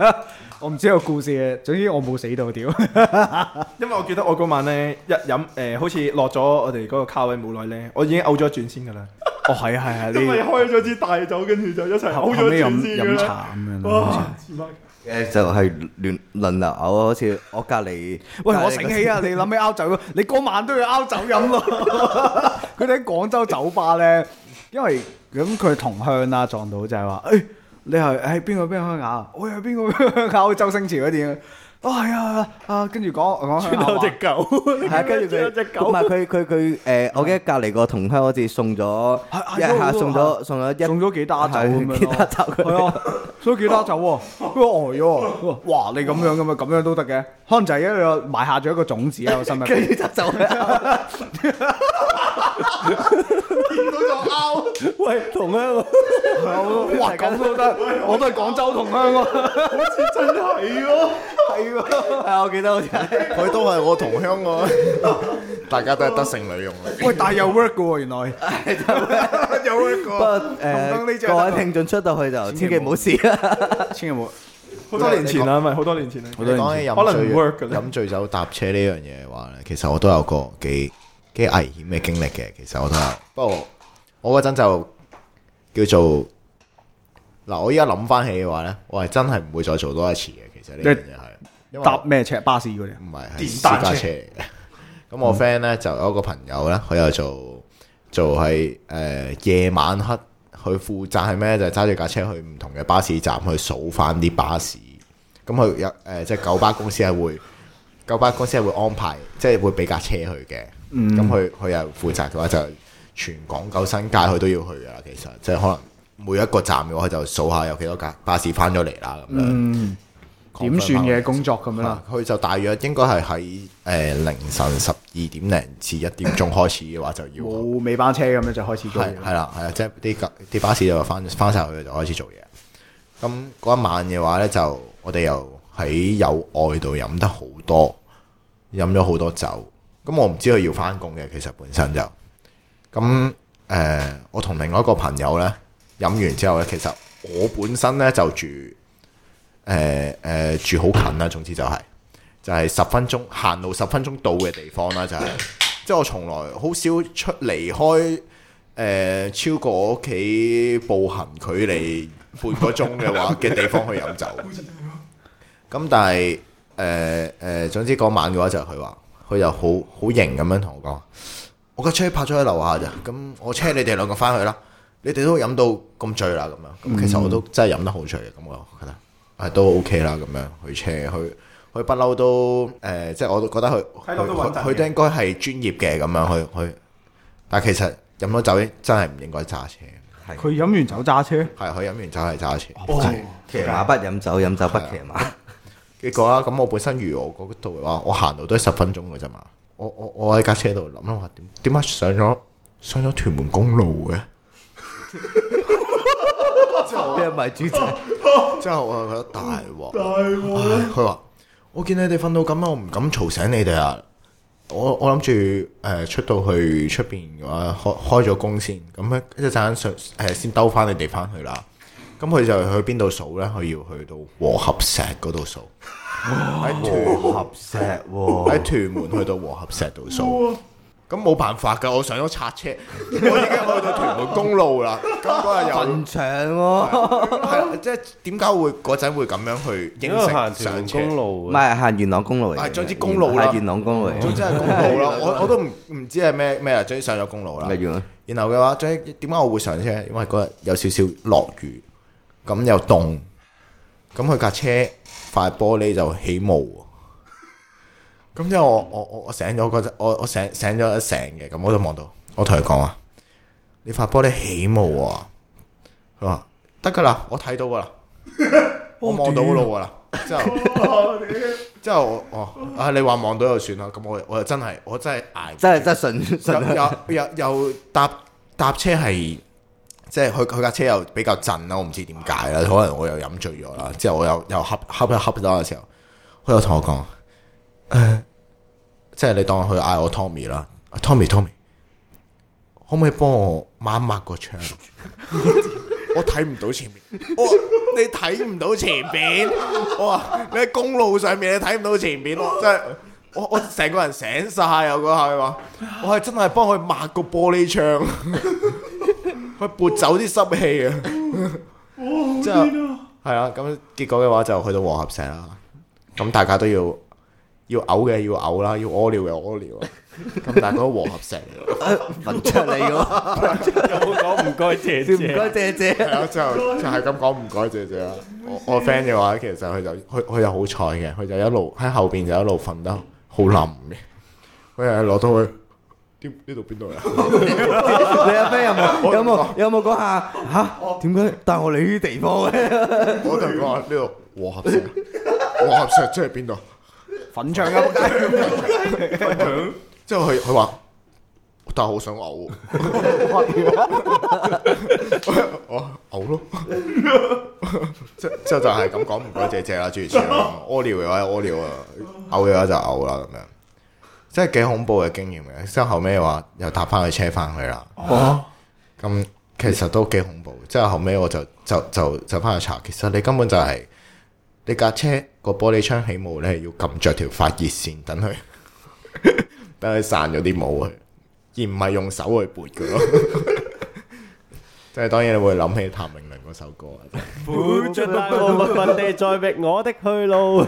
*laughs* 我唔知個故事啊。總之我冇死到屌， *laughs* 因為我記得我嗰晚咧一飲誒、呃，好似落咗我哋嗰個卡位冇耐咧，我已經嘔咗一轉先嘅啦。哦，係啊係啊，因為開咗支大酒，跟住就一齊好咗飲飲茶咁樣，哦。誒，就係亂輪流啊，好似我隔籬。喂，我醒 *laughs* 起啊，你諗起勾酒咯？你嗰晚都要勾酒飲咯。佢哋喺廣州酒吧咧，因為咁佢同鄉啦撞到，就係，就係話：誒，你係誒邊個邊個鄉下啊？我係邊個鄉下 *laughs* 周星馳嗰啲啊？哦係啊啊，跟住講講下隻狗，係跟住佢，唔係佢佢佢誒，我記得隔籬個同鄉好似送咗，係送咗送咗一送咗幾打酒，幾打酒佢，係啊，送咗幾打酒，佢呆咗，哇！你咁樣咁嘛，咁樣都得嘅，可能就係因為我埋下咗一個種子啊，我心入邊。見到就勾，喂，同鄉，哇咁都得，我都係廣州同鄉喎，真係喎，係喎，係啊，我記得好似，佢都係我同鄉個，大家都係得剩女用啦，喂，但係有 work 嘅喎，原來，有 work 嘅，不過誒，各位聽眾出到去就千祈唔好試啦，千祈唔好，好多年前啦，唔係好多年前啦，好多年前，可能唔 work 嘅咧，飲醉酒搭車呢樣嘢嘅話咧，其實我都有個幾。幾危險嘅經歷嘅，其實我覺得。不過我嗰陣就叫做嗱，我依家諗翻起嘅話呢，我係真係唔會再做多一次嘅。其實呢樣嘢係因為搭咩車？巴士嘅啫，唔係是私家車嚟咁、嗯、我 friend 咧就有一個朋友呢，佢又做做係誒、呃、夜晚黑，佢負責係咩就揸、是、住架車去唔同嘅巴士站去數翻啲巴士。咁佢有誒，即係九巴公司係會九巴公司係會，會安排，即、就、係、是、會俾架車去嘅。咁佢佢又負責嘅話，就全港九新界佢都要去㗎啦。其實即係可能每一個站嘅話，就數下有幾多架巴士翻咗嚟啦。咁樣點算嘅工作咁樣啦？佢確認 就大約應該係喺誒凌晨十二點零至一點鐘開始嘅話，就要冇尾 *laughs* 班車咁樣就開始做。係係啦係啦，即係啲啲巴士就翻翻曬去就開始做嘢。咁嗰一晚嘅話呢，就我哋又喺友愛度飲得好多，飲咗好多酒。咁我唔知佢要翻工嘅，其實本身就咁誒、呃。我同另外一個朋友呢，飲完之後呢，其實我本身呢就住誒誒、呃呃、住好近啦。總之就係、是、就係、是、十分鐘行路十分鐘到嘅地方啦、就是，就係即係我從來好少出離開誒、呃、超過我屋企步行距離半個鐘嘅話嘅地方去飲酒。咁 *laughs* 但係誒誒，總之嗰晚嘅話就係佢話。佢又好好型咁樣同我講，我架車泊咗喺樓下咋，咁我車你哋兩個翻去啦。你哋都飲到咁醉啦，咁樣咁其實我都真係飲得好醉嘅咁啊，我覺得係都 OK 啦咁樣去車佢，佢不嬲都誒、呃，即係我都覺得佢佢都應該係專業嘅咁樣去去，但其實飲咗酒真係唔應該揸車。係佢的飲完酒揸車。係佢飲完酒係揸車、哦。騎馬不飲酒，飲酒不騎馬。結果啊，咁我本身如我嗰度嘅話，我行路都係十分鐘嘅啫嘛。我我我喺架車度諗諗吓，點點解上咗上咗屯門公路嘅？之後咩迷主仔？之 *laughs* 後我係覺得大鑊，大鑊佢話我見你哋瞓到咁，我唔敢嘈醒你哋啊。我我諗住誒出到去出邊嘅話，開開咗工先，咁樣一陣間上誒先兜翻你哋翻去啦。咁佢就去邊度數咧？佢要去到和合石嗰度數，喺屯門喺屯門去到和合石度數。咁冇辦法㗎，我上咗拆車，我已經去到屯門公路啦。咁嗰日有正常喎，即係點解會嗰陣會咁樣去影城上公路？唔係行元朗公路嚟，總之公路啦，元朗公路，嚟。總之係公路啦。我我都唔唔知係咩咩啊，總之上咗公路啦。然後嘅話，總之點解我會上車？因為嗰日有少少落雨。咁又凍，咁佢架車塊玻璃就起霧，咁之後我我我醒咗，我我醒醒咗一成嘅，咁我就望到，我同佢講話，你塊玻璃起霧啊，佢話得噶啦，我睇到噶啦，我望到路噶啦，之後之後我啊你話望到就算啦，咁我我就真係我真係挨，真係真係順順又又又搭搭車係。即係佢佢架車又比較震啦，我唔知點解啦，可能我又飲醉咗啦，之後我又又瞌瞌又瞌到嘅時候，佢又同我講、呃，即係你當佢嗌我 Tommy 啦，啊，Tommy Tommy，可唔可以幫我抹一抹個窗？ *laughs* *laughs* *laughs* 我睇唔到前面，我你睇唔到前面，我話你喺公路上面，你睇唔到前面，真我真係我我成個人醒晒，我講係嘛，我係真係幫佢抹個玻璃窗。 *laughs* 去撥走啲濕氣啊！ *laughs* 之後係啊，咁結果嘅話就去到和合石啦。咁大家都要要嘔嘅要嘔啦，要屙尿嘅屙尿。要喊喊喊喊 *laughs* 啊。咁但係嗰個和合石瞓出嚟嘅， *laughs* 又講唔該謝謝，唔該謝謝。係啊，姐姐 *laughs* 之後就係咁講唔該謝謝。我我 friend 嘅話，其實佢就佢佢又好彩嘅，佢就一路喺後邊就一路瞓得好冧嘅，佢係攞到去。呢度邊度啊？你阿 friend 有冇有冇有冇講下吓？點解帶我嚟呢啲地方嘅？我就講下呢度和合石，和合石即係邊度？粉腸啊！即係佢佢話，但係好想嘔，嘔咯，即即就係咁講唔該姐姐啦，諸如此類，屙尿嘅話屙尿啊，嘔嘅話就嘔啦咁樣。真係幾恐怖嘅經驗嘅，之後後尾話又搭翻架車翻去啦。哦，咁其實都幾恐怖。之後後尾我就就就就翻去查，其實你根本就係你架車個玻璃窗起霧咧，要撳着條發熱線等佢等佢散咗啲霧啊，而唔係用手去撥嘅咯。即係當然你會諗起譚詠麟嗰首歌。苦盡甘來，默默地再覓我的去路。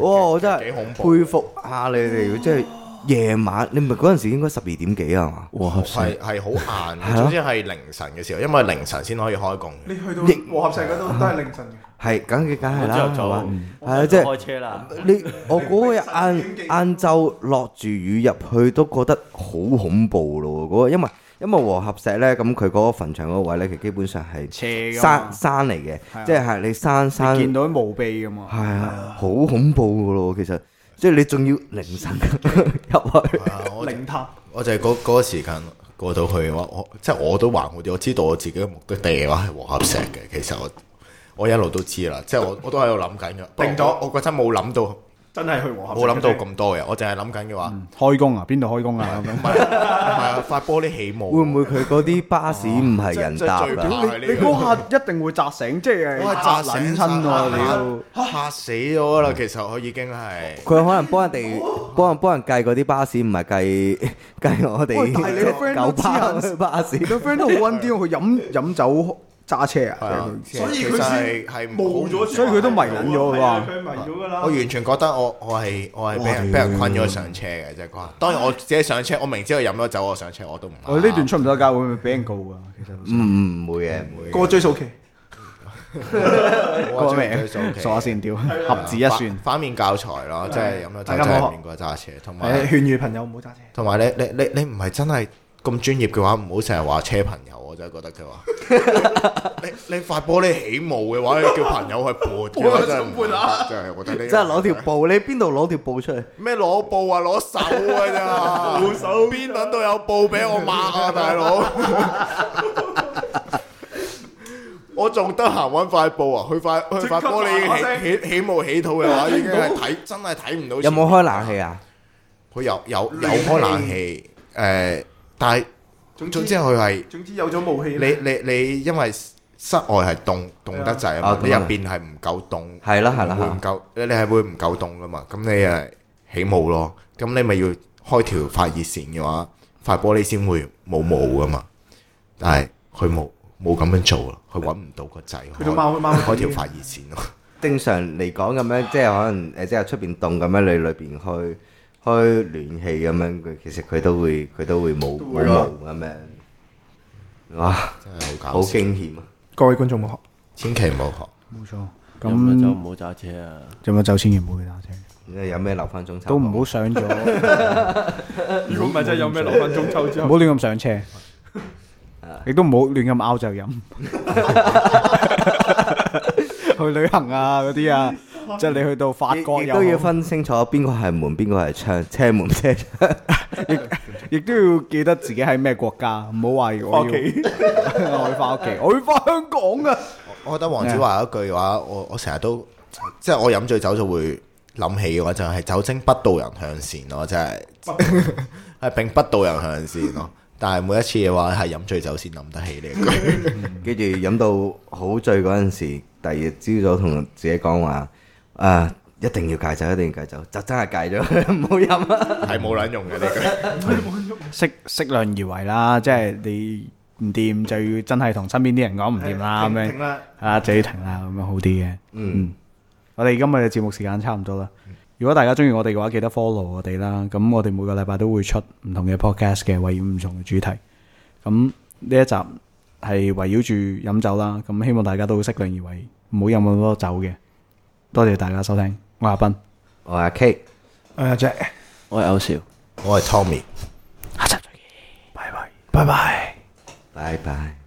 哇！我真係佩服。啊！你哋即係夜晚，你唔係嗰陣時應該十二點幾啊？嘛，和合石係係好晏，總之係凌晨嘅時候，因為凌晨先可以開工。你去到和合石嗰度都係凌晨嘅。係，梗係梗係啦。朝早係啊，即係開車啦。你我嗰日晏晏晝落住雨入去，都覺得好恐怖咯。嗰個因為因為和合石咧，咁佢嗰個墳場嗰位咧，其實基本上係山山嚟嘅，即係你山山。你見到墓碑咁啊？係啊，好恐怖噶咯，其實。即係你仲要凌晨入去，零塔，我就係嗰嗰個時間過到去我，即係、就是、我都還好啲，我知道我自己嘅目的地嘅話係黃合石嘅，其實我我一路都知啦，即係我我都喺度諗緊嘅，定咗我覺得冇諗到。真係去黃河？冇諗到咁多嘅，我淨係諗緊嘅話，開工啊，邊度開工啊？咁係，係啊，發玻璃起霧。會唔會佢嗰啲巴士唔係人搭啦？你你嗰下一定會砸醒，即係砸醒親我了，嚇死咗啦！其實我已經係佢可能幫人哋幫人幫人計嗰啲巴士，唔係計計我哋你 friend 巴士。佢 friend 都好温啲，佢飲飲酒。揸車啊，所以佢先係係冇咗，所以佢都迷引咗噶，佢迷咗噶啦。我完全覺得我我係我係俾人俾人困咗上車嘅，即係話。當然我自己上車，我明知佢飲咗酒，我上車我都唔。我呢段出唔到街會唔會俾人告啊？其實唔唔會嘅，唔會。過追數期，過追數 OK，數下先屌，合字一算，反面教材咯，即係飲咗酒就唔應該揸車，同埋勸喻朋友唔好揸車。同埋你你你你唔係真係咁專業嘅話，唔好成日話車朋友。覺得佢話你你塊玻璃起霧嘅話，你叫朋友去撥嘅真係真係我真係攞條布，你邊度攞條布出嚟？咩攞布啊？攞手啊？真手邊等到有布俾我抹啊，大佬！我仲得閒搵塊布啊！去塊佢塊玻璃起起起霧起土嘅話，已經係睇真係睇唔到。有冇開冷氣啊？佢有有有開冷氣誒，但係。總之佢係總，總之有咗霧氣你你你，你因為室外係凍凍得滯啊、哦，你入邊係唔夠凍。係啦係啦，唔夠你係會唔夠凍噶嘛？咁你誒起霧咯。咁你咪要開條發熱線嘅話，塊玻璃先會冇霧噶嘛？但係佢冇冇咁樣做啦，佢搵唔到個掣。佢做掹掹開條發熱線咯。 *laughs* 正常嚟講咁樣，即係可能誒，即係出邊凍咁樣，你裏邊去。開暖氣咁樣，佢其實佢都會佢都會冇感冒咁樣，哇！真係好驚險啊！各位觀眾唔學，千祈唔好學，冇錯。咁唔好揸車啊！有冇走？千祈唔好去揸車。你有咩留翻中秋？都唔好上咗。如果唔係真係有咩留翻中秋，唔好亂咁上車。你都唔好亂咁拗酒飲，去旅行啊嗰啲啊。即係你去到法國你，都要分清楚邊個係門，邊個係窗，車門車窗亦都要記得自己喺咩國家，唔好話我要。我會翻屋企，我會翻香港㗎！我，我覺得黃子華一句話，我我成日都即係我飲醉酒就會諗起嘅話，就係、是就是、酒精不導人向善咯，即係係並不導人向善咯。 *laughs* 但係每一次嘅話係飲醉酒先諗得起呢一句，跟住飲到好醉嗰陣時，第二日朝早同自己講話。誒，一定要戒酒，一定要戒酒，就真係戒咗，唔好飲啦，係冇卵用嘅。呢句，適適量而為啦，即係你唔掂就要真係同身邊啲人講唔掂啦，咁樣，係就要停啦，咁樣好啲嘅。嗯，我哋今日嘅節目時間差唔多啦，如果大家中意我哋嘅話，記得 follow 我哋啦。咁我哋每個禮拜都會出唔同嘅 podcast 嘅，圍繞唔同嘅主題。咁呢一集係圍繞住飲酒啦，咁希望大家都會適量而為，唔好飲咁多酒嘅。多謝大家收聽，我係阿斌，我係阿 K，我係阿 Jack *noise* 我係歐少，我係 Tommy，下集再見，拜拜，拜拜，拜拜。